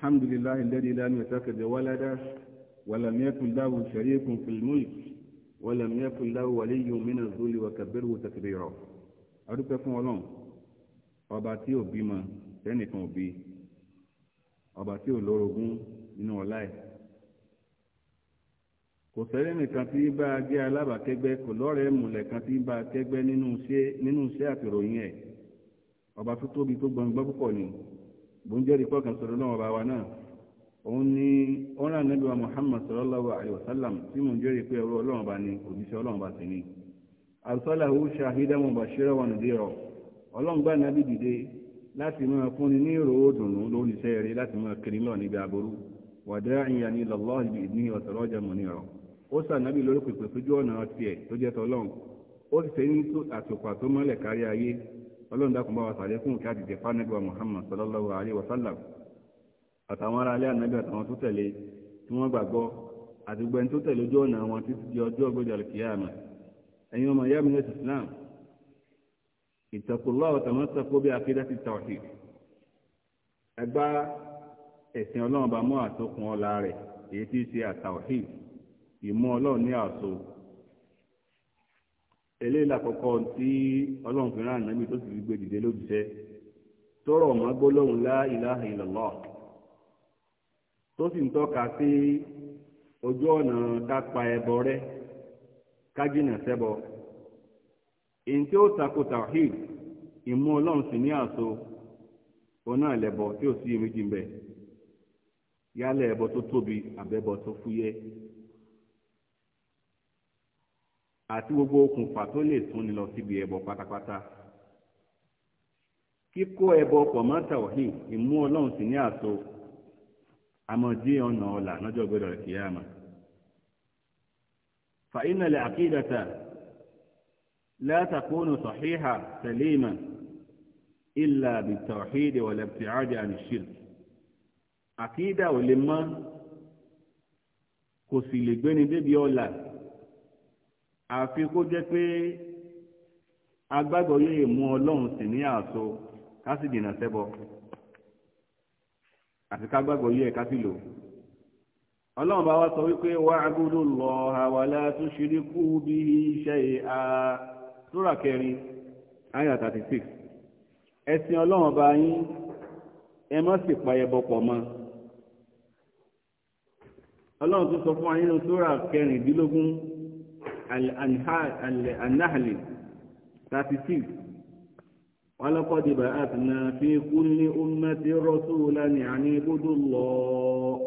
الحمد لله الذي لم يتخذ ولدا ولم يكن له شريك في الملك ولم يكن له ولي من الذل وكبره تكبيرا adúpẹ́ fún ọlọ́run ọba tí ò bímọ tẹ́nìkan ò bí ọba tí ò lórogún nínú ọlá ẹ̀ kò sẹ́rẹ́ nìkan tí bá a jẹ́ alábàákẹ́gbẹ́ kò lọ́rẹ̀ẹ́ mùlẹ̀ kan tí bá a kẹ́gbẹ́ nínú iṣẹ́ àtìròyìn ẹ̀ ọba tó tóbi tó gbọ̀ngbọ́n púpọ̀ ni bóńjẹ́rì pọ́kàn sọ̀rọ̀ náà ọba wa náà òun ni ọ̀rọ̀ ànábì wa Muhammad sallallahu alayhi wa sallam tí mò ń jẹ́rìí pé ọ̀rọ̀ ọlọ́run bá ní òjíṣẹ́ ọlọ́run bá sì ní. àlùsọ́làhù ṣàhídàmù bàṣírà wà nìdí rọ ọlọ́run gbà nábì dìde láti máa fúnni ní ìrò òdùnnú lórí rẹ̀ láti máa kiri lọ níbi àbúrú wàdá ìyàní lọ́lọ́ ọlọ́run dákun bá wa sàlékún kí a dìde fánàbí wa Muhammad sallallahu alayhi wa sallam àtàwọn ará alẹ́ ànábì àtàwọn tó tẹ̀lé tí wọ́n gbàgbọ́ àti gbẹ́ni tó tẹ̀lé ojú ọ̀nà wọn títí di ọjọ́ ọgbẹ́jọ kìíyàmà ẹ̀yin ọmọ ìyá mi ní Islam ìtàkùnlọ́ ọ̀tàwọn sọ̀kó bí akéda ti tawhid ẹgbá ẹ̀sìn ọlọ́run bá mọ́ àtòkùn ọ̀la rẹ̀ èyí tí í ṣe àtàwọ̀hì ìmú ọlọ́run ní àṣọ eléyìí lákọ̀ọ́kọ́ tí ọlọ́run fi rán ànábì tó sì fi gbé dìde lójúṣẹ́ tó rọ̀ mọ́ gbólóhùn tó sì ń tọ́ka sí ojú ọ̀nà ká pa ẹbọ rẹ́ ká jìnà sẹ́bọ èyí tí ó tako tawhid ìmú ọlọ́run sì ní àṣọ ọ̀nà ẹlẹ́bọ tí ò sí iyèméjì ń bẹ yálẹ̀ ẹbọ tó tóbi àbẹ́bọ tó fúyẹ́ àti gbogbo okùnfà tó lè tún ni lọ síbi ẹbọ pátápátá kíkó ẹbọ pọ̀ mọ́ tàwọ̀hì ìmú ọlọ́run sì ní àtò àmọ̀dí ọ̀nà ọ̀la lọ́jọ́ gbọ́dọ̀ kíyàmá فإن العقيدة لا تكون صحيحة سليمة إلا بالتوحيد والابتعاد عن الشرك عقيدة ولما kò sì lè gbéni débi ọlà àfi kó jẹ́ pé agbágbọ́ yóò mú ọlọ́run sí ní ààtò ká sì dènà sẹ́bọ àti ká gbàgbọ́ yóò ká sì lò ọlọ́run bá wá sọ wípé wa'budullaha wala tushriku bihi shay'a sura kẹrin ayah thirty six ẹ̀sìn ọlọ́run bá yín ẹ má sì pa ẹbọ pọ̀ mọ́ ọlọ́run tún sọ fún wa nínú sura kẹrìndínlógún. النحل 36 ولقد بعثنا في كل أمة رسولا يعني اعبدوا الله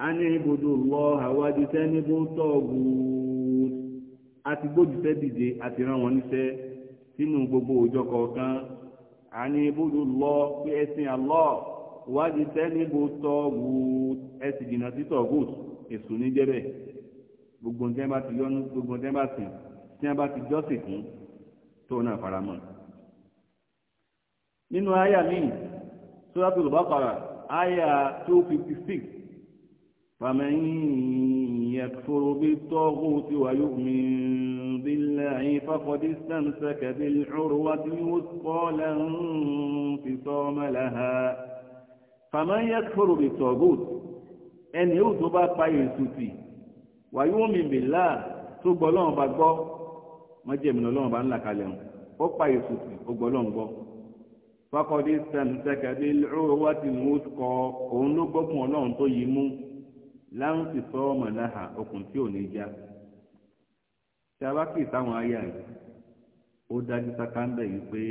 أن اعبدوا الله واجتنبوا الطاغوت àti gbójúṣẹ́ dìde àti rán wọn níṣẹ́ sínú gbogbo òjọ kọ̀ọ̀kan àní ibùdó lọ pé ẹ̀sìn àlọ́ wájú tẹ́ níbo tọ́gùt ẹ̀sìn jìnnà sí tọ́gùt èṣù níjẹ́bẹ̀ẹ́ gbogbo ń tẹ́ bá ti yọnu gbogbo ń tẹ́ bá sìn tí wọ́n bá ti jọ́sìn fún tóun náà faramọ́. nínú àyà míì suratul baqara àyà two fifty six فمن يكفر بالطاغوت ويؤمن بالله فقد استمسك بالعروة الوثقى لا انفصام لها فمن يكفر بالطاغوت ẹni yóò tó bá pa èsù tì wàyí wọn mi bèlà tó gbọ́ ọlọ́run bá gbọ́ wọn jẹ́ ìmìnà ọlọ́run bá ń là kalẹ̀ hàn ó pa èso sí ó gbọ́ ọlọ́run gbọ́ fakọ́dé sẹ́mùsẹ́kẹ́dé lóòrò wá ti mú kọ òun ló gbọ́kùn ọlọ́run tó yí mú láwọn sì sọ ọmọ náà okùn tí ò ní já tí a bá kì í sáwọn ayá yìí ó dájú sákàndà yìí pé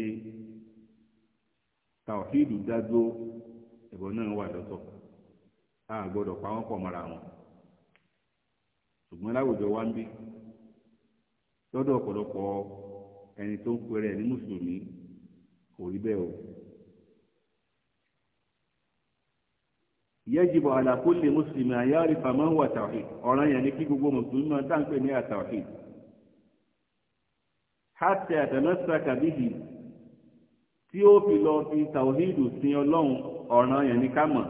tàwọ̀fíìdù dájú ẹ̀bọ̀n náà wà lọ́tọ̀ a gbọ́dọ̀ pa wọ́n pọ̀ mọ́ra wọn ṣùgbọ́n láwùjọ wa ń bí lọ́dọ̀ ọ̀pọ̀lọpọ̀ ẹni tó ń pẹrẹ ní mùsùlùmí kò rí bẹ́ẹ̀ o. yẹ́jìbọ̀ àlàkó lè mùsùlùmí àyárí fàmọ́ wà tàwí ọ̀ràn yẹn ni kí gbogbo mùsùlùmí máa dáńpẹ́ ní àtàwí. hàtẹ àtẹnẹ́sà kàbíyì tí ó fi lọ fi tàwíìdù sin ọlọ́run ọ̀ràn yẹn ni ká mọ̀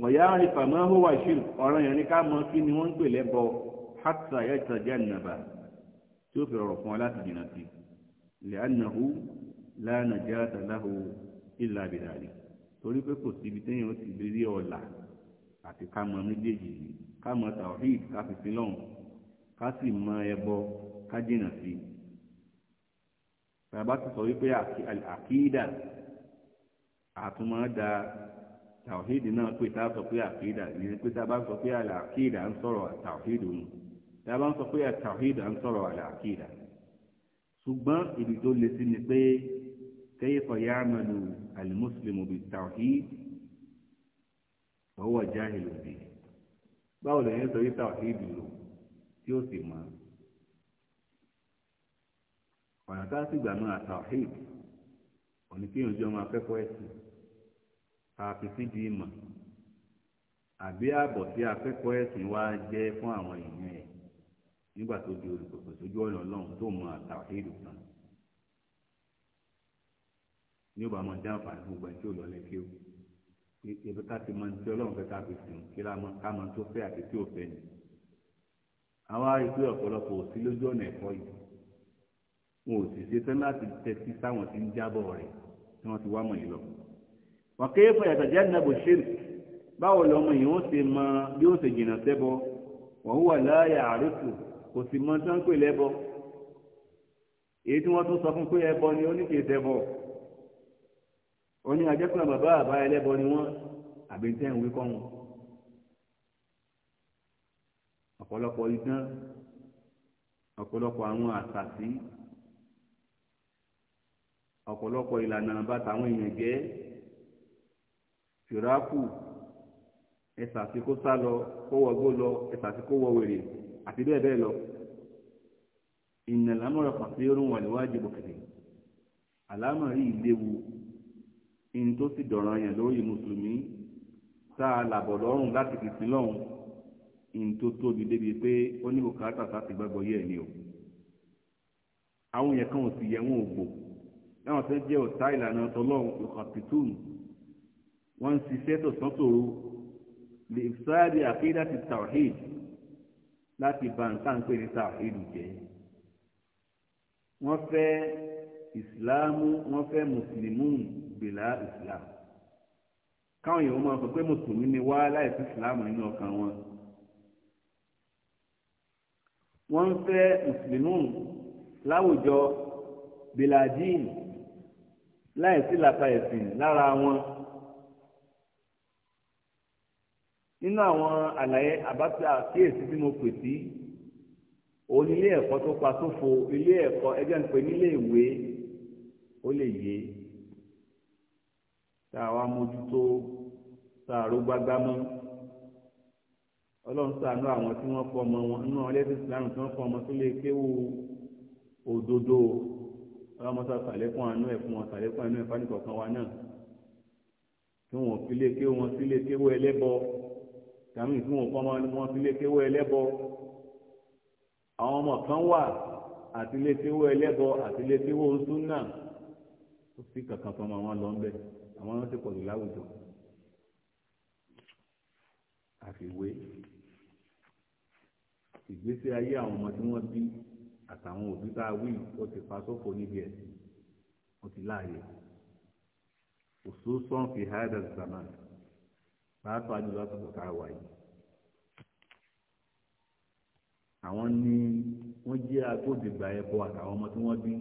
wọ̀nyá àrífàmọ́ wà ṣì ọ̀ràn yẹn ni ká mọ̀ kí ni wọ́n ń pè lẹ́bọ̀ọ́ hátà yẹ́ta jẹ́ ànàbà tí ó fi rọrọ̀ fún wa láti dìnà sí lẹ́ànàhù lánàjá àtàláhù ìlà àbìdàlì torí pé kò síbi téèyàn ó ti rí ọ̀la àti ká mọ méjèèjì yìí ká mọ tàwíìd ká fi sí lọ́hùn ká sì mọ ẹbọ ká dìnà sí. bàbá ti sọ wípé àkídà àtúmọ̀ da tàwíìd náà pé tá a sọ pé àkídà ìyẹn pé tá a bá sọ pé àkídà ń sọ̀rọ̀ tàwíìd òun dábàá ń sọ pé àtàwíìd à ń sọ̀rọ̀ àlà àkìdà ṣùgbọ́n ibi tó le sí ni pé kayfa ya'malu al-muslimu bit-tawhid wa huwa jahilun bihi báwo lè yẹn sọ yìí tawhid lò tí ó sì mọ̀ ọ̀nà tá sì gbà náà tawhid òní kí yòó jẹ́ ọmọ akẹ́kọ̀ọ́ ẹ̀sìn àfi síbi ìmọ̀ àbí ààbọ̀ tí akẹ́kọ̀ọ́ ẹ̀sìn wá jẹ́ fún àwọn èèyàn ẹ̀ nígbà tó di olùkòkò sójú ọ̀nà ọlọ́run tó mọ àtàwéèdù kan ní ọba máa dáhùn fàánù gbogbo ẹni tí kí ó ebi ká ti mọ ní tí ọlọ́run fẹ́ ká fi sùn kí ká mọ tó fẹ́ àti tí ò fẹ́ ni àwọn àìpé ọ̀pọ̀lọpọ̀ ò sí lójú ọ̀nà ẹ̀kọ́ yìí wọn ò sì ṣetán láti tẹ́tí sáwọn tí ń jábọ̀ rẹ̀ tí wọ́n ti wá mọ̀ yìí lọ. wọ́n ké fún yàtọ̀ jáde ṣe báwo lọ́mọ yìí wọ́n ṣe mọ bí ó ṣe jìnnà sẹ́bọ̀ wọ́n wà láàyè àríkù kò sì mọ tán pè lẹ́bọ èyí tí wọ́n tún sọ fún pé ẹbọ ni oníkèéfẹ́ bọ̀ ó ní ajẹ́pẹ́ bàbá àbá ẹlẹ́bọ ni wọ́n àbí tẹ́ ń wí kọ́ wọn ọ̀pọ̀lọpọ̀ idán ọ̀pọ̀lọpọ̀ àwọn àṣàṣì ọ̀pọ̀lọpọ̀ ìlànà bàtà àwọn èèyàn jẹ́ fìràkù ẹ̀sàsí kó sá kó wọgbó lọ ẹ̀sàsí kó wọ wèrè àti bẹ́ẹ̀ bẹ́ẹ̀ lọ ìnà lámọ̀rọ̀ pàṣẹ orun wà níwájú bọ̀kẹ̀lẹ̀ àlámọ̀ rí ìléwu in tó sì dọ̀ràn yẹn lórí mùsùlùmí tá a làbọ̀ lọ́rùn láti fìsí lọ́hùn in tó tóbi débi pé ó ní bùkátà láti gbàgbọ́ yẹ̀ ni o àwọn yẹn kan sì yẹ wọn ò gbò láwọn tó jẹ́ ọ̀tá ìlànà tọlọ́run ìkàpìtùn wọ́n ń ṣiṣẹ́ tọ̀sán tòru lè sáàdì àkídà ti tàwáhìdì láti ba nǹkan pè ní tàfíìlù jẹ́ wọ́n fẹ́ ìsìláàmù wọ́n fẹ́ mùsùlùmí gbèlà ìsìláàmù káwọn èèyàn máa sọ pé mùsùlùmí ni wá láìsí ìsìláàmù nínú ọkàn wọn wọ́n ń fẹ́ mùsùlùmí láwùjọ bìlàdíìn láìsí làpá ẹ̀sìn lára wọn. nínú àwọn àlàyé àbáta àkíyèsí tí mo pè sí òun ilé ẹ̀kọ́ tó pa sófo ilé ẹ̀kọ́ ẹgbẹ́ ń pè nílé ìwé ó lè yé tá a wá mójútó tá a ró gbágbá mọ́ ọlọ́run ṣàánú àwọn tí wọ́n fọmọ wọn nínú àwọn ẹlẹ́sìn ìsìlámù tí wọ́n fọmọ tó lè kéwù òdodo ọlọ́mọsá sàlékún àánú ẹ̀ wọn sàlékún àánú ẹ̀ wa náà tí wọ́n fi lè kéwù wọn sí lè kéwù ẹlẹ́bọ kàmí fún òkú ọmọ ni wọ́n ti lé kéwọ́ ẹlẹ́bọ àwọn ọmọ kan wà àti lé kéwọ́ ẹlẹ́bọ àti lé kéwọ́ súnà ó sì kankan fún ọmọ wọn lọ ńbẹ àwọn ọmọ ti pọ̀ jù láwùjọ àfiwé ìgbésí ayé àwọn ọmọ tí wọ́n bí àtàwọn òbí tá a wí ó ti fa sófo níbi ẹ̀sìn ó ti láàyè òṣùṣàn fi hàdà zamani pàápàá jù lásìkò tá a wà yìí àwọn ní wọ́n jẹ́ agbódegbà ẹbọ àtàwọn ọmọ tí wọ́n bí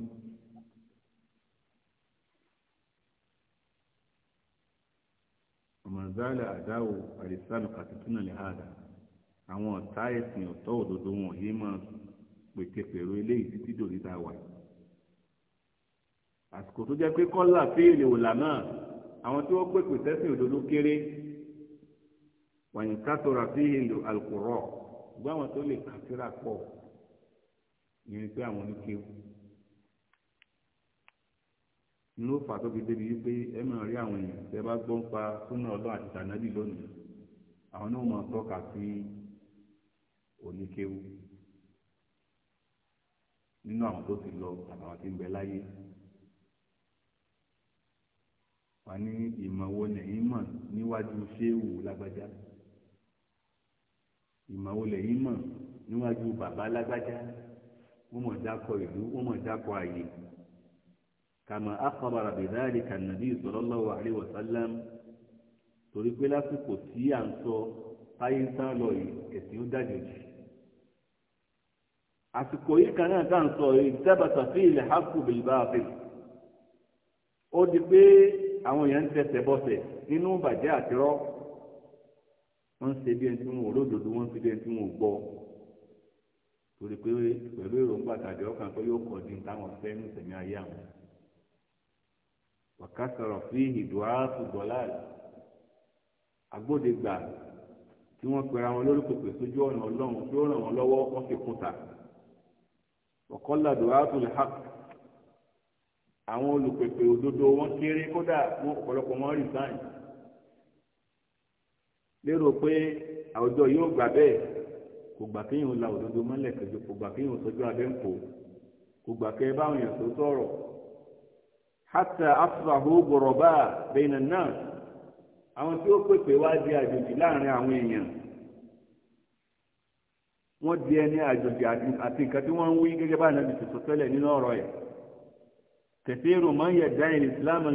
ọmọdéálẹ àdáwò àdìsánù kàtúntúnà lè hàdà àwọn ọ̀tá ẹ̀sìn ọ̀tọ̀ òdodo wọn yìí máa pètèpèrò eléyìí títí dòní tá a wà yìí àsìkò tó jẹ́ pé kọ́lá fíìlì òlà náà àwọn tí wọ́n pèpè sẹ́sìn òdodo kéré wàyìn kátòrà fi ìlú alukóró gbọ́ àwọn tó lè kà síra pọ̀ ìyẹn pé àwọn oníkéwù inú fà tó fi débi wípé ẹ máa rí àwọn èèyàn tẹ bá gbọ́ ń pa súnà ọlọ́run àti tànàbì lónìí àwọn náà máa tọ́ka sí oníkéwù nínú àwọn tó ti lọ àtàwọn tí ń bẹ láyé wà ní ìmọ̀ wo nẹ̀yìn mọ̀ níwájú ṣéwù lágbájá ìmọ̀wò lẹ́yìn mọ̀ níwájú bàbá lágbájá wọ́n mọ̀ dákọ̀ ìlú wọ́n mọ̀ dákọ̀ ààyè kàmá akọ̀bàrà bìdáàlì kànàbí sallallahu alaihi wasallam torí pé lásìkò tí à ń sọ táyé ń sá lọ yìí ẹ̀sìn ó dàjòjì àsìkò yìí kan náà dáhùn sọ ìjábàtà fi ilẹ̀ haqqu bil batil ó di pé àwọn èèyàn ń tẹsẹ̀ bọ́sẹ̀ nínú bàjẹ́ àtirọ́ wọ́n ń ṣe bí ẹni tí wọn ò lódodo wọ́n ń ṣe bí ẹni tí wọn ò gbọ́ torí pé pẹ̀lú èròǹgbà tàbí ọkàn pé yóò kọ́ di táwọn fẹ́ ní sẹ̀mí ayé àwọn. wàkàtàrọ̀ fi ìdùá ṣùgbọ́lá agbódegbà tí wọ́n pera wọn lórí pèpè sójú ọ̀nà ọlọ́run tí ó ràn wọ́n lọ́wọ́ wọ́n fi kúta. ọ̀kọ́lá dùá tó lè hà àwọn olùpèpè òdodo wọn kéré kódà wọn ọ̀pọ̀lọpọ̀ wọn rìsáìn lérò pé àwùjọ yóò gbà bẹ́ẹ̀ kò gbà kéèyàn la òdodo mọ́lẹ̀ kẹjọ kò gbà kéèyàn sọjọ́ abẹ́ ń kó kò gbà kẹ́ báwọn èèyàn tó sọ̀rọ̀ hátà afrahu gọ̀rọ̀bá bẹ́ẹ̀nà náà àwọn tí ó pèpè wá di àjòjì láàrin àwọn èèyàn wọ́n di ẹni àjòjì àti nǹkan tí wọ́n ń wí gẹ́gẹ́ bá ànábì tuntun tẹ́lẹ̀ nínú ọ̀rọ̀ ẹ̀ kẹfíìrù máa ń yẹ ìsìlámù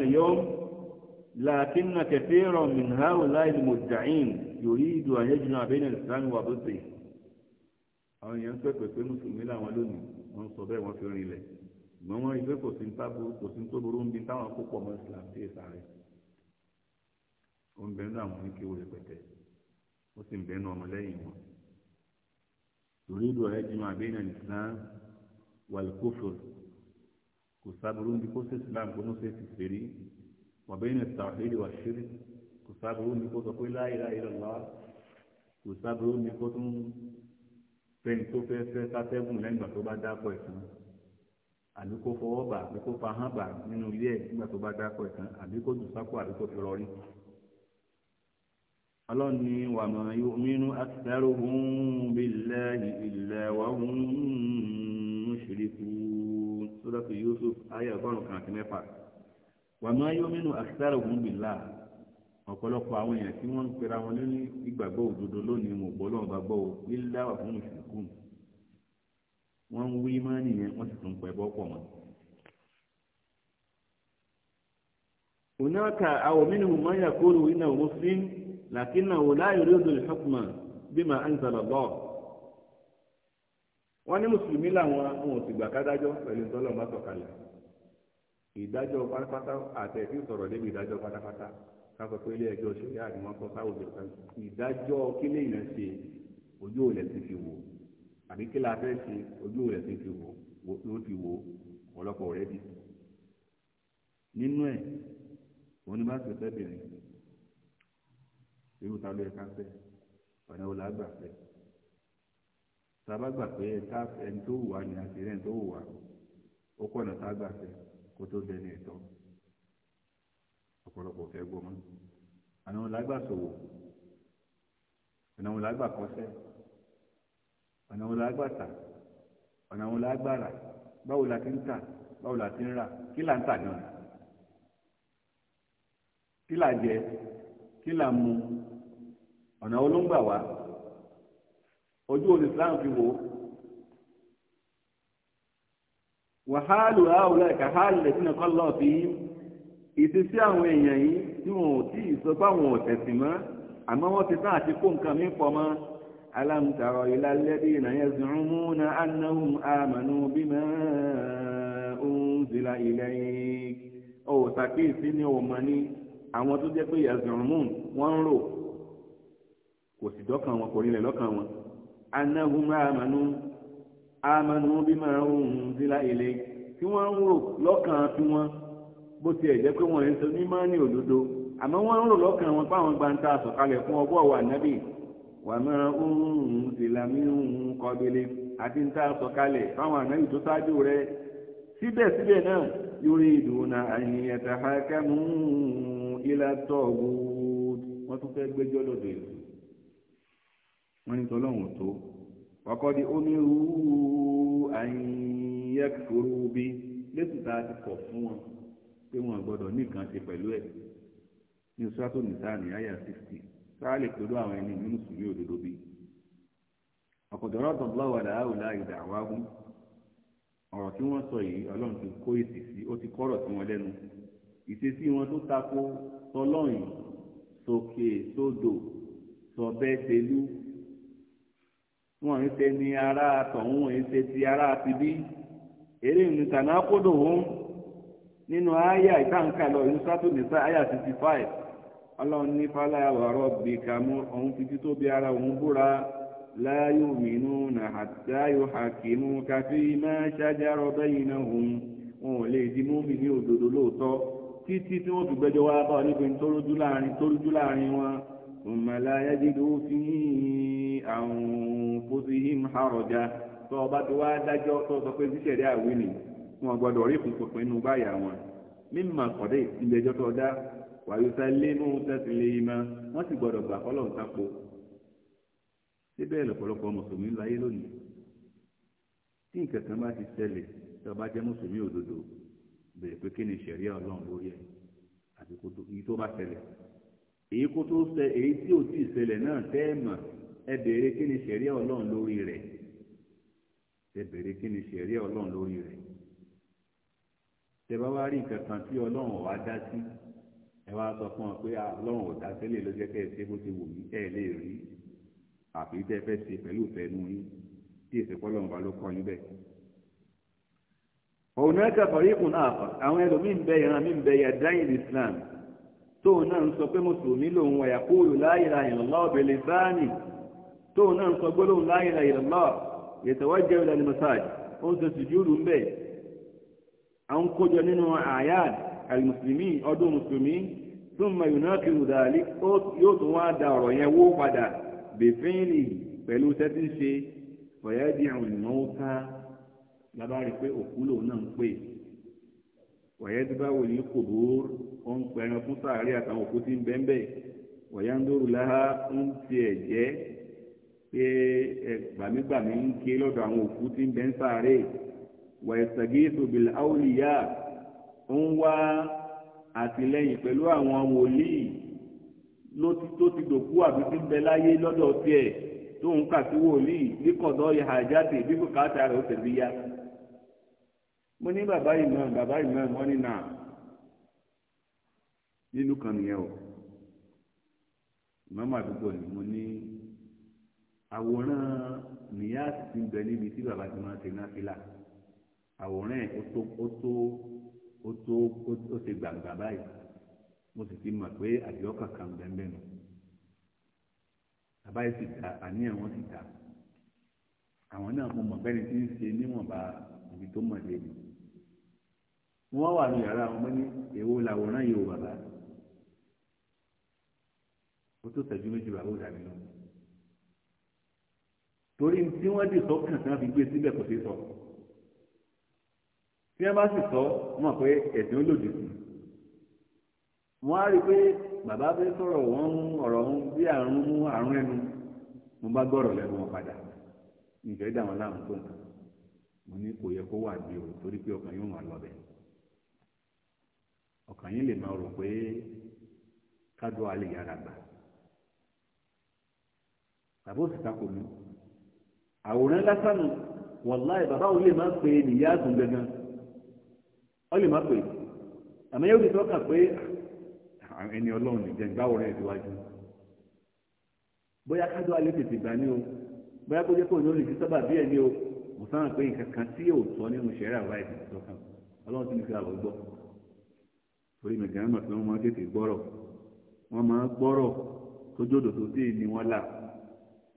لكن كثيرا من هؤلاء المدعين يريد أن يجمع بين الإسلام وضده àwọn èèyàn ń pẹ̀pẹ̀ pé mùsùlùmí làwọn lónìí wọ́n sọ bẹ́ẹ̀ wọ́n fi rìn ilẹ̀ ṣùgbọ́n wọ́n rí pé kò sí kò sí tó burú ń bi táwọn kó pọ̀ mọ́ islam sí ìsàrẹ̀ ó ń bẹnu àwọn oníkéwò rẹpẹtẹ ó sì ń bẹnu ọmọlẹ́yìn wọn. torí ìlú ọ̀rẹ́ jimá bẹ́ẹ̀nà islam wàlúkófò kò sábúrú ń bi kó sí islam kó ní ó ti fèrè wàbẹ́yìn tàwáhídì wà ṣírí kò sábúrú ní kó sọ pé la ilaha illallah kò sábúrú ní kó tún fẹ́ni tó fẹ́ fẹ́ sátẹ́gùn lẹ́yìn ìgbà tó bá dápọ̀ ẹ̀ tán àbí kó fọwọ́ bà àbí kó fa hàn bà nínú ilé ẹ̀ nígbà tó bá dápọ̀ ẹ̀ tán àbí kó jù sápò àbí kó fi rọrí. ọlọ́run ni wa ma yu'minu aktharuhum billahi illa wa hum mushrikun Suratu Yusuf ayé ọgọ́rùn-ún kan àti mẹ́fà wà má yóò mínú àkísàrò òun bìlá ọ̀pọ̀lọpọ̀ àwọn èèyàn tí wọ́n ń pera wọn lórí ìgbàgbọ́ òdodo lónìí wọn gbọ́ lọ́wọ́ bá gbọ́ o lílá wà fún mùsùlùkù wọ́n ń wí má nìyẹn wọ́n sì tún pẹ̀ bọ́ pọ̀ mọ́. هناك أو منهم من يقول إنه مسلم لكنه لا يريد الحكم بما أنزل الله wọ́n ní mùsùlùmí làwọn àwọn òsìgbà kádájọ́ pẹ̀lú ìtọ́lọ́mọ́sọ̀kalẹ̀ ìdájọ́ pátápátá àtẹ̀sí sọ̀rọ̀ débi ìdájọ́ pátápátá káfọ́ pé ilé ẹjọ́ ṣẹlẹ̀ àdìmọ́ sọ sáwùjọ kan ìdájọ́ kílé yẹn ṣe ojú òòlẹ̀ ti fi wò àbí kílá fẹ́ ṣe ojú òòlẹ̀ ti fi wò ló ti wò ọ̀pọ̀lọpọ̀ rẹ̀ bí. nínú ẹ̀ òun ni bá ṣe fẹ́ bìnrin irú ta ló yẹ ká fẹ́ ọ̀nà òòlà àgbà fẹ́ tá a bá gbà pé ẹni tó wù wá ni àti ẹni tó wù wá ó kọ̀nà tá a gbà fẹ́ kó tó dẹni ẹ̀tọ́ ọ̀pọ̀lọpọ̀ fẹ́ gbọmọ àwọn làgbàsòwò ọ̀nà àwọn làgbàkọ́ṣẹ́ ọ̀nà àwọn làgbàtà ọ̀nà àwọn làgbàrà báwo la ti ń tà báwo la ti ń rà kí là ń tà náà kí là jẹ kí là mu ọ̀nà olóńgbà wa ojú olùsíláàmù fi wò ó. wàhálù àwòrán ẹ̀ka hálù lẹ́sìn náà kọ́ lọ́ọ̀ fi yín ìṣesí àwọn èèyàn yìí tí wọn ò tí ì sọ pé àwọn ò tẹ̀sìn mọ́ àmọ́ wọ́n ti tán àti kó nǹkan mi pọ̀ mọ́ alámùtàrọ̀ ìlà lẹ́bí ìnáyẹ̀ zùnmùnà anáhùn àmànù bímọ òǹzìlà ilẹ̀ yìí ó ṣàkíyèsí ní òmọ ní àwọn tó jẹ́ pé yazùnmùn wọ́n ń rò kò sì dọ́kàn wọn kò rinlẹ̀ lọ́kàn wọn anáhùn àmànù amanu bima unzila ilayk tí wọ́n ń rò lọ́kàn tí wọ́n bó tiẹ̀ jẹ́ pé wọ́n ń sọ ní mánì òdodo àmọ́ wọ́n ń rò lọ́kàn wọn báwọn gbàǹtà sọ̀kalẹ̀ fún ọgbọ́ wa nábì wàmọ́ unzila min qablih àti ń tà sọ̀kalẹ̀ fáwọn ànábì tó ṣáájú rẹ̀ síbẹ̀síbẹ̀ náà yuriduna an yatahakamu ila taghut wọ́n tún fẹ́ gbẹ́jọ́ lọ́dọ̀ èlò wàkọ́dí onírú àyẹ̀kúrú bí lẹ́sìn tá a ti kọ̀ fún wọn pé wọn gbọ́dọ̀ nìkan ṣe pẹ̀lú ẹ̀ ní sọ́tò nìta ní àyà sixty sáà lè pẹ̀lú àwọn ẹni nínú sùúrù òdodo bí. ọ̀kọ̀dọ̀rọ̀ tó lọ́wọ́ dàá ò láàyè dà wá gún ọ̀rọ̀ tí wọ́n sọ yìí ọlọ́run ti kó èsì sí ó ti kọ́rọ̀ sí wọn lẹ́nu ìṣesí wọn tó tako tọlọ́yìn sókè sódò sọbẹ́ tẹlú wọn ń ṣe ni ara tọ̀hún wọn ń ṣe ti ara ti bí eré ìrìntàná kódò hún nínú àyà ìtànkà lọ ìlú sátò nìsa àyà sixty five ọlọ́run ní fáláyà wàrọ̀ bí kàmú ọ̀hún títí tó bí ara òun búra láyò mínú nàhàtáyò hakimu káfí máa ṣájárọ̀ bẹ́yìn náà hùn wọn ò lè di múmi ní òdodo lóòótọ́ títí tí wọ́n fi gbẹ́jọ́ wá bá onígbìn tó rújú láàrin wọn òmàlà ayájídó fi àwọn àǹfóṣihìm àròjà tó ọba tó wá dájọ́ tó sọ pé ṣíṣẹ̀rí àwí ni wọn gbọdọ̀ rí ìfúnpinpin inú báyà wọn mímọ kọ̀dé ìgbẹ́jọ́ tó dá wàyúsá lẹ́nu tẹ́sílẹ̀ yìí máa wọ́n sì gbọdọ̀ gbà kọ́lọ̀ ń sápo síbẹ̀ lọ́pọ̀lọpọ̀ mùsùlùmí láyé lónìí tí nǹkan kan bá ti ṣẹlẹ̀ tí ọba jẹ́ mùsùlùmí òdodo bẹ̀rẹ̀ pé kí ni ṣẹ̀ríà ọlọ́run lórí ẹ̀ àti èyí tó bá ṣẹlẹ̀ èyí kó tó ṣẹ èyí tí ò tí ì ṣẹlẹ̀ náà tẹ́ ẹ̀ mọ̀ ẹ béèrè kí ni ṣẹ̀ríà ọlọ́run lórí rẹ̀ ẹ béèrè kí ni ṣẹ̀ríà ọlọ́run lórí rẹ̀ tẹ bá wá rí nǹkan kan tí ọlọ́run ò wá dá sí ẹ wá sọ fún ọ pé ọlọ́run ò dá sílẹ̀ ló jẹ́ kẹ́ ẹ ṣe bó ti wù mí ẹ lè rí àfi tẹ́ fẹ́ ṣe pẹ̀lú ìfẹ́nu yín tí èsì pọ́lọ́run bá ló kọ́ yín òun náà kẹfọ̀rí ìkùn náà fà àwọn ẹlòmíín bẹ ìran mi bẹ yà dáhìn Islam tóun náà ń sọ pé mùsùlùmí lòun wà yà kúrò láyìlá ìrànlọ́ọ̀bẹ̀lẹ̀ sáà tóun náà sọ gbólóhùn la ilaha illallah yatawajjahu ila al-masajid ó ń ṣe sùjúdù ń bẹ̀ à ń kójọ nínú àyàd àlùmùsùlùmí ọdún mùsùlùmí thumma yunaqidu dhalik yóò tún wá da ọ̀rọ̀ yẹn wó padà bèfínlì pẹ̀lú tẹ́tí ń ṣe fọ̀yẹ́dì àwọn ìnáwó ká lábárí pé òkú lòun náà ń pè wọ̀yẹ́ tí bá wò ní kòbóor ó ń pẹran fún sàárẹ̀ àtàwọn òkú tí ń bẹ́ńbẹ́ wọ̀yẹ́ ń dóru láhá ń tiẹ̀ jẹ́ pé gbàmígbàmí ń ké lọ́dọ̀ àwọn òkú tí ń bẹ ń sáré wà ìsàgéètò bìlà áwòlìyá ń wá àtìlẹ́yìn pẹ̀lú àwọn wòlíì tó ti dòkú àbí tí ń bẹ láyé lọ́dọ̀ tiẹ̀ tó ń kà sí wòlíì bí kọ̀dọ̀ ìhà jáde bí kò káàtà rẹ̀ ó tẹ̀lé ya. mo ní bàbá ìmọ̀ bàbá ìmọ̀ wọ́n ní nà kan nìyẹn o ìmọ̀ ni ní. àwòrán níyàsì ti ń bẹ níbi tí bàbá ti máa ń ṣe náfìlà àwòrán ẹ̀ ó tó ó tó ó tó ó ṣe gbàgbà báyìí mo sì ti mọ̀ pé àjọ kankan bẹ́ẹ̀ bẹ́ẹ̀ nù bàbá yìí ti dà àníyàn wọn ti dà àwọn náà mo mọ̀ bẹ́ni tí ń ṣe níwọ̀nba ibi tó mọ̀ lé mi wọ́n wà ní yàrá àwọn mọ́ni èwo làwòrán yìí o bàbá ó tó tẹ̀jú méjì bàbá ó dàbí lọ́wọ́ torí tí wọ́n dì sọ́kàn tí wọ́n fi gbé síbẹ̀ kò sí sọ tí wọ́n bá sì sọ mọ̀ pé ẹ̀sìn olódì sí wọ́n á rí i pé bàbá fẹ́ sọ̀rọ̀ wọ́n ń ọ̀rọ̀ ń bí àrùn mú àrùn ẹnu mo bá gbọ́rọ̀ lẹ́nu wọn padà ìfẹ́ dà wọn láwọn tó nǹkan mo ní kò yẹ kó wà bí o torí pé ọkàn yóò máa lọ bẹ̀ ọkàn yín lè máa rò pé kádùá lè yára gbà bàbá òsì takò mi. àwòrán lásán wàláì bàbá òun lè má pè é nìyá àgùn gangan ọ lè má pè é àmọ́ yóò fi tọ́ka pé ah, ẹni ọlọ́run lè jẹ́ ìgbàwòrán ìdíwájú bóyá kájọ alẹ́ tètè gbà ní o bóyá kó jẹ́ pé òun ò lè fi sábà bí ẹni o mo sábà pé nǹkan kan tí yóò sọ nínú ọlọ́run fi àwọ̀ gbọ́ mi gan-an mọ̀ pé wọ́n máa tètè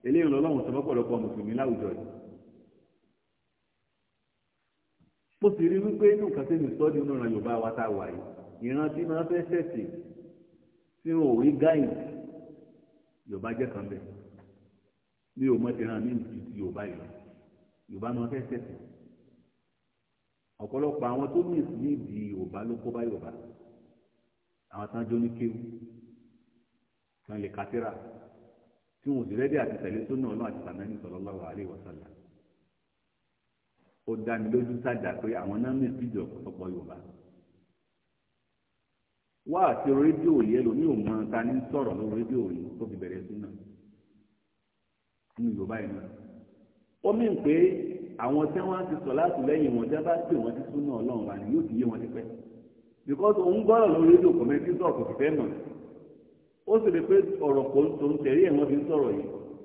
eléyìí lọ́lọ́run sọ mọ́pọ̀lọpọ̀ mùsùlùmí láwùjọ yìí mo sì rí wípé inú nǹkan tẹ́mi sọ́ọ́dì inú ìran Yorùbá wa tá a wà yìí ìran tí máa fẹ́ sẹ̀sì tí wọn ò rí gáyìn Yorùbá jẹ́ kan bẹ́ẹ̀ mi ò mọ tìran mi ju ti Yorùbá yìí lọ Yorùbá máa fẹ́ sẹ̀sì ọ̀pọ̀lọpọ̀ àwọn tó ní ìsìlíìdì Yorùbá ló kó bá Yorùbá àwọn tán jó kéwù tán lè kátírà tí wọn ò sì rẹ́dí àti tẹ̀lé sónà ọlọ́ àti sàmẹ́ni sallallahu alaihi wasallam ó dá mi lójú sájà pé àwọn náà mi ọ̀pọ̀ yorùbá wá ta ní sọ̀rọ̀ lórí rédíò yìí tó fi bẹ̀rẹ̀ yorùbá yìí náà ó pé àwọn tí wọn ti sọ láti lẹ́yìn wọn jábá pé wọn ti ọlọrun wa ni yóò wọn ti because òun gbọ́dọ̀ lórí rédíò sọ̀rọ̀ kò ó sì lè pé ọ̀rọ̀ kò tó ń tẹ̀rí ẹ̀wọ̀n fi ń sọ̀rọ̀ yìí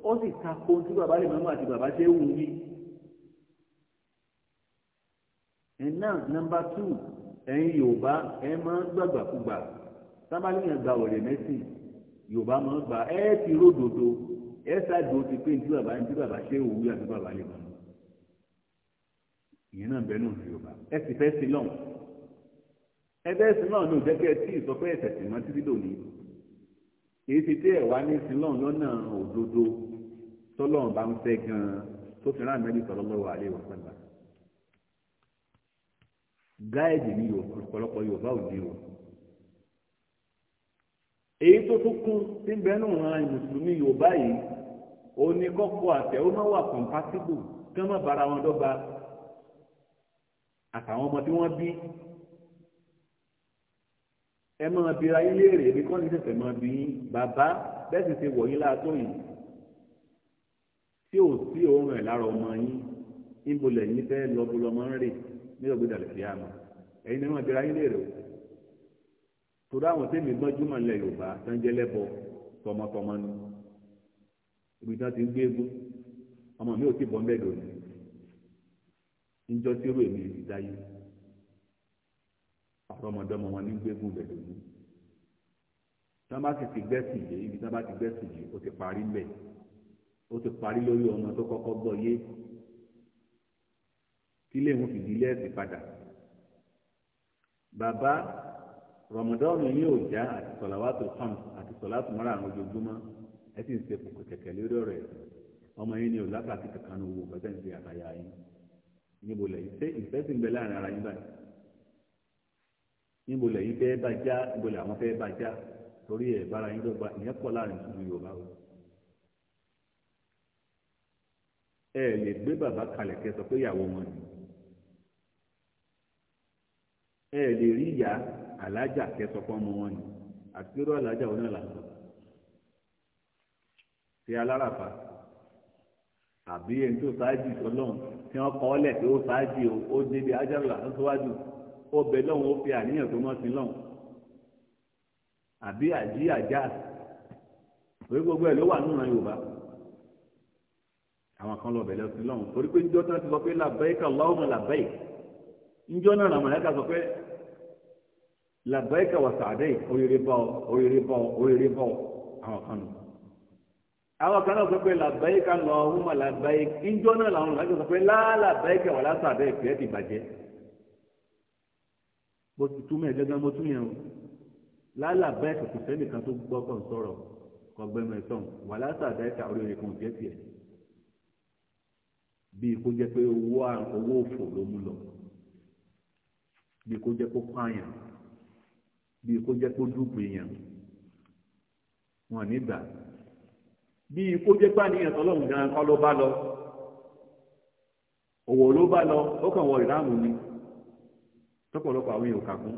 ó sì ta ko tí bàbá lè mọ́mọ́ àti bàbá ṣe ń wù mí. and now number two ẹ̀yin yorùbá ẹ máa ń gbàgbàkúgbà sábàlíyàn gba ọ̀rẹ́ mẹ́sìn yorùbá máa ń gbà ẹ ti ródòdó ẹ ṣáàdó ti pé tí bàbá tí bàbá ṣe òwú àti bàbá lè mọ́mọ́ ìyẹn náà bẹ́ẹ̀ náà yorùbá ẹ sì fẹ́ sí lọ́hùn ẹ bẹ́ẹ̀ sí lọ́hùn ní òjẹ́kẹ́ èyí ti dé ẹ̀wá ní sílọ̀n lọ́nà òdodo tọ́lọ́run bá ń fẹ́ gan-an tó fi rán àmẹ́lì sallallahu alaihi wasallam gáàdì ní ọ̀pọ̀lọpọ̀ yorùbá òde o èyí tó tún kún tí ń bẹnu ran mùsùlùmí yorùbá yìí òní kọ́kọ́ àtẹ ó máa wà compatible kí wọ́n má bára wọn dọ́gba àtàwọn ọmọ tí wọ́n bí ẹ máa bira yín léèrè èmi kọ́ ni sẹ̀sẹ̀ máa bí yín bàbá bẹ́ẹ̀ sì ti wọ̀ yín láàtọ̀ yìí tí ò sí òun rẹ̀ lára ọmọ yín níbo lẹ́yìn fẹ́ lọ́bù lọ́mọ ń rè ní ọ̀gbẹ́dà lè fi àmọ́ ẹ̀yin ni wọ́n bira yín léèrè o torí àwọn tèmi gbọ́njúmọ̀ lẹ Yorùbá tó tọmọtọmọ ni ibi tí wọ́n ti ń gbé egún ọmọ mi ò tí bọ́ dòní ń jọ sí irú èmi ìdáyé àtọmọdọmọ wọn ní gbégùn bẹ̀ lónìí tá bá ti ti gbẹ́sì yé ibi tá bá ti gbẹ́sì yé o ti parí mbẹ̀ ó ti parí lórí ọmọ tó kọ́kọ́ gbọ́ yé kílé wọn fìdí ilé ẹ̀sìn padà bàbá rọmọdọ́ọ̀nù yìí ò já àti sọ̀làwátò hàn àti sọ̀làtò mọ́ra àwọn ojoojúmọ́ ẹ sì ń ṣe kòkò kẹ̀kẹ́ lórí ọ̀rọ̀ ẹ̀sìn ọmọ yìí ni ò lápá àti kankan owó bàtà ń ṣe àtàyà yín níbo lẹ́yìn ìfẹ́ sì bẹ láàrin ara yín báyìí níbo lẹ́yìn fẹ́ bá já níbo lẹ́yìn àwọn fẹ́ bá já torí ẹ̀ bára yín dọ́gba ìyẹn pọ̀ láàrin ìṣúlù yorùbá o. ẹ lè gbé bàbá kalẹ̀ kẹ́ pé ìyàwó wọn ni ẹ lè rí ìyá alájà kẹ́ sọ fún ọmọ wọn ni àti lórí alájà wọn náà là ń sọ. ṣé aláràfà àbí ẹni tó ṣáájú ọlọ́run tí wọ́n kọ́ ọ́ lẹ̀ pé ó ṣáájú ó débi ajáru àtúntò wájú ọbẹ̀ lọ́hùn ó fi àníyàn tó mọ́ sí lọ́hùn àbí àjí àjá orí gbogbo ẹ̀ ló wà nínú Yorùbá àwọn kan lọ́bẹ̀ lọ sí lọ́hùn torí pé njọ́ tán ti sọ pé làbẹ́ẹ̀kà Allahumma làbẹ́ẹ̀ njọ́ náà làwọn ẹ̀ka sọ pé làbẹ́ẹ̀kà wà sàdẹ́ oríire bọ́ oríire bọ́ oríire bọ́ àwọn kan nù àwọn kan náà sọ pé làbẹ́ẹ̀kà Allahumma làbẹ́ẹ̀ njọ́ náà làwọn ẹ̀ka sọ pé lá làbẹ́ẹ̀kà wà lásàdẹ́ ìpìlẹ̀ ti bàjẹ́ bó ti túmọ̀ ẹ̀ gángan mo tún yẹn o lálàbá ẹ̀sìn kò sẹ́nìkan tó gbọ́ kàn sọ̀rọ̀ kọgbẹ́nu ẹ̀sán wà látàdá ẹ̀ka oríire kan jẹ́ tiẹ̀ bíi kó jẹ́ pé owó owó òfò ló mú lọ bíi kó jẹ́ kó pààyàn bíi kó jẹ́ kó dúpọ̀ èèyàn wọn nígbà bíi kó jẹ́ pàníyàn tọ́lọ́run gan-an kọ́ ló bá lọ òwò ló bá lọ ó kàn wọ ìdáàmú ni lọ́pọ̀lọpọ̀ àwọn èèyàn kàkún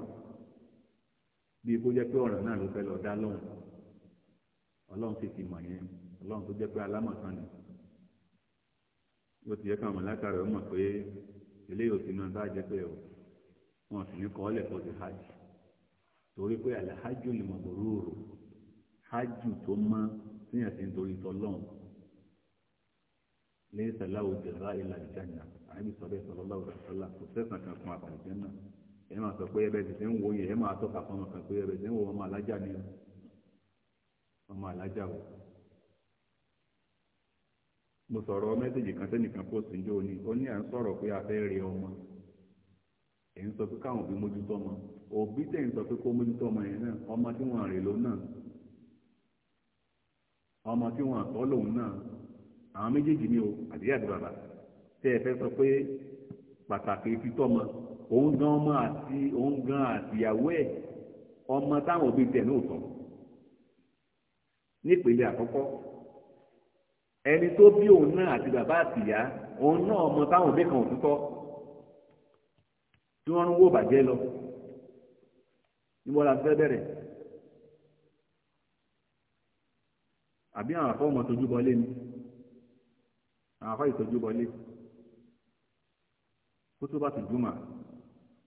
bí kó jẹ́ pé ọ̀ràn náà ló fẹ́ lọ dá lọ́hùn ọlọ́run sì ti mọ̀ yẹn ọlọ́run tó jẹ́ pé alámọ̀tán ni ó ti yẹ ká àwọn látàrí ọmọ pé eléyìí ò sí náà bá jẹ́ pé wọn sì ní kọ́ọ́lẹ̀ pọ̀ sí hajj torí pé alhajju lè mọ̀ bòrú rò hajj tó mọ́ síyàn sí nítorí tọ́lọ́hùn lẹ́yìn sàláwò jẹ̀rọ ìlànà ìjànà àyẹ̀bí sọ̀rọ̀ ìsọ̀rọ̀ lọ́wọ́ ìsọ̀rọ̀ kò sẹ́sàn kan fún náà. ẹ máa sọ pé ebe sì ti ń wo yẹn ẹ máa tọ́ka fún ọmọ kan pé ń ọmọ alájà ni o ọmọ alájà o mo sọ̀rọ̀ mẹ́sẹ̀gì kan sẹ́nìkan post ń jó ni ó ní à ń sọ̀rọ̀ pé a fẹ́ rí ọmọ ẹ̀ ń sọ pé káwọn òbí mójútó ọmọ òbí tẹ̀ ń sọ pé mójútó ọmọ yẹn náà ọmọ tí wọ́n náà ọmọ tí wọ́n náà àwọn méjèèjì ni o àdéhàdé bàbá tẹ́ ẹ fẹ́ òun gan ọmọ àti òun gan àtìyàwó ẹ̀ ọmọ táwọn òbí tẹ̀ náà tọ̀ nípele àkọ́kọ́ ẹni tó bí òun náà àti bàbá àtìyá òun náà ọmọ táwọn òbí kan òtútọ́ tí wọ́n ń wó bàjẹ́ lọ níbo la fẹ́ bẹ̀rẹ̀ àbí àwọn afọ ọmọ tójú bọlé ni àwọn afọ ìtójú bọlé kó bá tó dùn mà.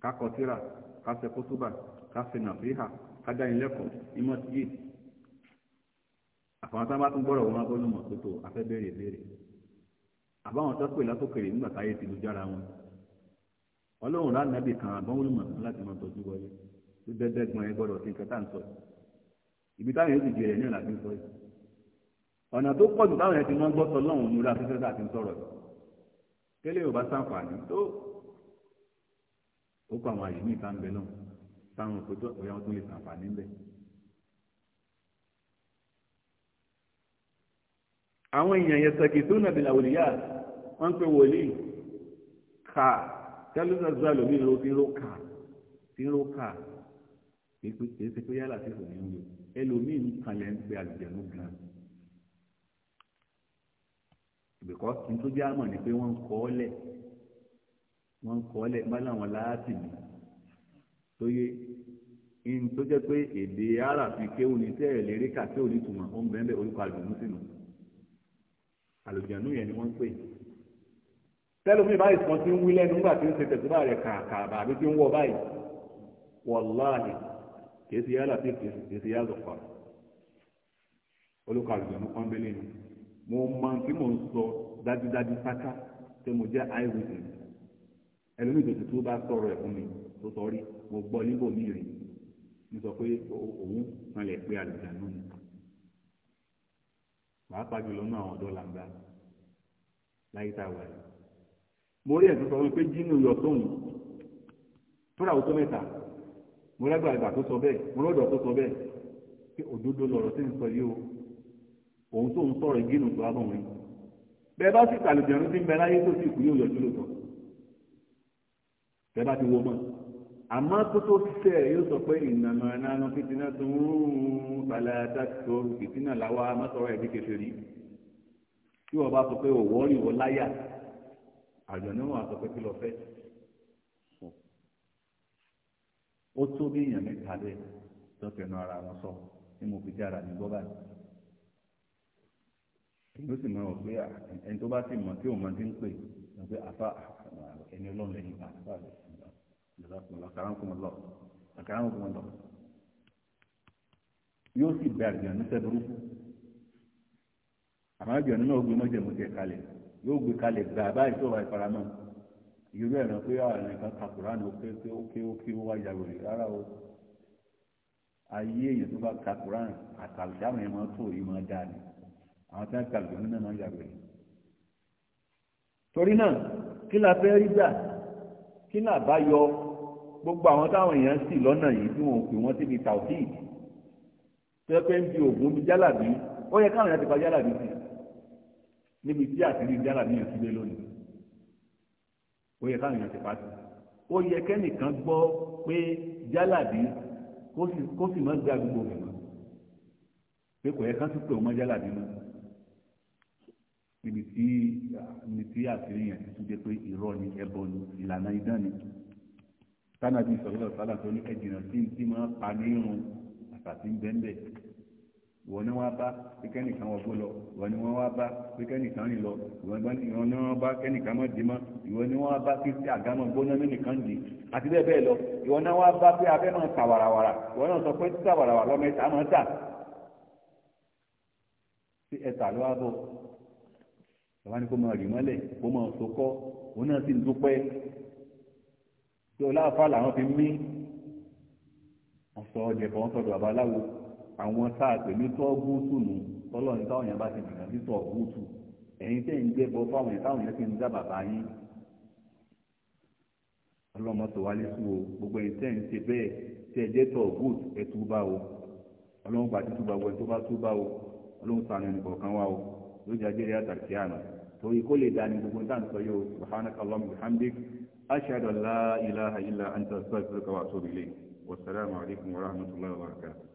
kakọtíra kásẹ kótóbà kásẹ nàfíhà kájánilẹ́kọ̀ọ́ ìmọ̀ tí yìí àfọwọ́n tá bá tún gbọ́dọ̀ wọn gbọ́dọ̀ mọ̀ tótó afẹ́ bẹ̀rẹ̀ bẹ̀rẹ̀ àbáwọn tó pè látòkèrè nígbà táyé ti lùjára wọn ọlọ́run rà nábì kan àbọ̀wọ́n lùmọ̀ kan láti máa wọlé ibi táwọn yóò ti ní sọ yìí ọ̀nà tó pọ̀ jù táwọn ó kọ àwọn àyè ní ìta ń bẹ náà táwọn òpótò ọ̀yà wọn tún lè sàǹfààní ń bẹ. àwọn èèyàn yẹn sẹ́kì tó nàbí làwòlíyà wọ́n ń pè wòlíì ká tẹ́lifíṣà zuwa lómi ìró tí ń ro ká tí ń ro ká kì í ṣe pé yálà sí ìfòyín lò ẹlòmíì kalẹ̀ ń pe àlùjẹ̀nu gan. bìkọ́ ní àmọ̀ ni pé wọ́n ń kọ́ ọ́ lẹ̀ wọ́n ń kọ́ lẹ̀ máa láwọn láàtì mi tó yé in tó jẹ́ pé èdè ara fi kéwù ní tẹ́ ẹ̀ lérí kà kéwù ní tùmọ̀ ó ń bẹ́ẹ̀ bẹ́ẹ̀ orúkọ àlùjànnú sínú àlùjànnú yẹn ni wọ́n ń pè tẹ́lómi báyìí kan ti ń wí lẹ́nu nígbà tí ó ṣe tẹ̀síbà rẹ̀ kàkà àbí tí ń wọ báyìí wọ̀láàyè kìí yálà tí kìí ṣe yálà pa olùkọ́ àlùjànnú pọ́nbélé ni mo mọ tí mò ń sọ dájúdájú sáká tí mo jẹ́ eyewitness ẹlòmíì tòtò tó bá sọ̀rọ̀ ẹ̀ fún mi tó sọ rí mo gbọ́ níbò mí rí mi sọ pé òun kan lè pe àlùjánu ni pàápàá jùlọ náà àwọn ọ̀dọ́ làǹgbà láyé tá a wà yìí mo rí ẹ̀sùn sọ wípé jínú yọ sóhun tóra òótọ́ mẹ́ta mo lágbàá ìgbà tó sọ bẹ́ẹ̀ mo lọ́dọ̀ tó sọ bẹ́ẹ̀ pé òdodo lọ̀rọ̀ sí ń sọ yìí o òun tó ń sọ̀rọ̀ ìgínú tó á bọ̀ wọn bẹ́ẹ̀ bá sì kàlùjẹ̀rún sí ń bẹ láyé tó sì kú yóò yọjú lóòótọ́ tẹ́ bá ti wọ mọ́ àmọ́ kó tó ṣiṣẹ́ rẹ̀ yóò sọ pé ìnànà ìnànà fìtínà tó ń rún balẹ̀ àtàkùtò fìtínà làwa mọ́sọ̀rọ̀ ẹ̀dí kẹfẹ́rì tí wọ́n bá sọ pé òwò ìwọ láyà àjọ náà wà sọ pé kí lọ fẹ́ ó tó bí èèyàn mẹ́ta bẹ́ẹ̀ lọ́tẹ̀nu ara wọn sọ ní mo fi jára ní gbọ́bà yìí èyí ó sì mọ̀ ọ́ pé ẹni tó bá sì mọ̀ tí òun máa ti ń pè ẹ̀ pé àfa àfa ẹni ọlọ́run lẹ́yìn ìgbà àkàràǹkùmọ̀lọ́ àkàràǹkùmọ̀lọ́ yóò sì bẹ àgbẹ̀yàn ní sẹ́dúrúkú àmọ́ àgbẹ̀yàn náà gbé mọ́jẹ̀mú tẹ̀ kalẹ̀ yóò gbé kalẹ̀ gbà báyìí tó wà ìfaramọ́ irú ẹ̀rọ pé àwọn ah, ẹ̀ka kakùránì ó kéé ó kéé ó kéé ó wá yàgò rè rárá o ayé èèyàn tó bá kakùránì àtàlùsí àwọn máa tó yìí máa dáa ni àwọn tí wọ́n kàlùjọ́ nínú náà máa yàgò rè torí náà kí la fẹ́ rí gbà kí náà bá yọ gbogbo àwọn táwọn èèyàn sì lọ́nà yìí tí wọn ò pè wọ́n síbi taofik tẹ́pẹ́ ń bi ògùn bí jálàbí ó yẹ káwọn èèyàn ti pa jálàbí sí níbi tí àtìrí jálàbí yẹn sílé lónìí ó yẹ káwọn èèyàn ti pa sí ó yẹ kẹ́nìkan gbọ́ pé jálàbí kó sì má gbé agbègbè òmìnira pé kò yẹ ká tún pè wọ́n jálàbí náà níbi tí níbi tí àṣírí yẹn ti tún jẹ́ pé irọ́ ni ẹbọ ni ìlànà idán ni tánàbí sọ̀rọ̀ sálà tó ní ẹ̀jìnà tí ń tí máa pa ní irun àtàtì ń bẹ́ńbẹ́ wọ́n ní wọ́n bá pé kẹ́nìkan wọ́n gbó lọ wọ́n ní wọ́n wá bá pé kẹ́nìkan rìn lọ ìwọ́n ní wọ́n bá kẹ́nìkan mọ́ dì mọ́ ìwọ́n ní wọ́n bá pé àgámọ́ gbóná nínìkan dì àti bẹ́ẹ̀ bẹ́ẹ̀ lọ ìwọ́n náà wá bá pé abẹ́ náà ta wàràwàrà ìwọ́n náà sọ pé títa wàràwàrà lọ́mọ ẹ̀ta máa tà sí ẹ̀ta ló wá bọ̀ bàbá ní kó máa rì mọ́lẹ̀ kó máa sokọ́ òun náà sì ń dúpẹ́ tí ọláàfà làwọn fi mí wọn sọ ọdẹ bọ wọn àwọn tá a pè ní tọ́gùtù nù tọ́lọ́run táwọn yẹn bá ti dìgbà sí tọ́gùtù ẹ̀yin tẹ́ ń gbé bọ fáwọn yẹn táwọn yẹn fi ń dá bàbá yín ọlọ́mọ tó wálé sùn o gbogbo ẹ̀yin tẹ́ ń ṣe bẹ́ẹ̀ tẹ́ ẹ jẹ́ tọ́gùtù ẹ̀ túbà o ọlọ́run gbà títúbà ẹ̀ tó bá túbà o ọlọ́run sànù ẹnì kọ̀ọ̀kan wa o. lójú ajẹ́rẹ́ àtàkì àná torí kó lè dání gbogbo dáhùn sọ yóò subhanaka allahumma bihamdik ashhadu an la ilaha illa anta astaghfiruka wa atubu ilayk wasalaamu alaykum wa rahmatulahi wa barakatuh.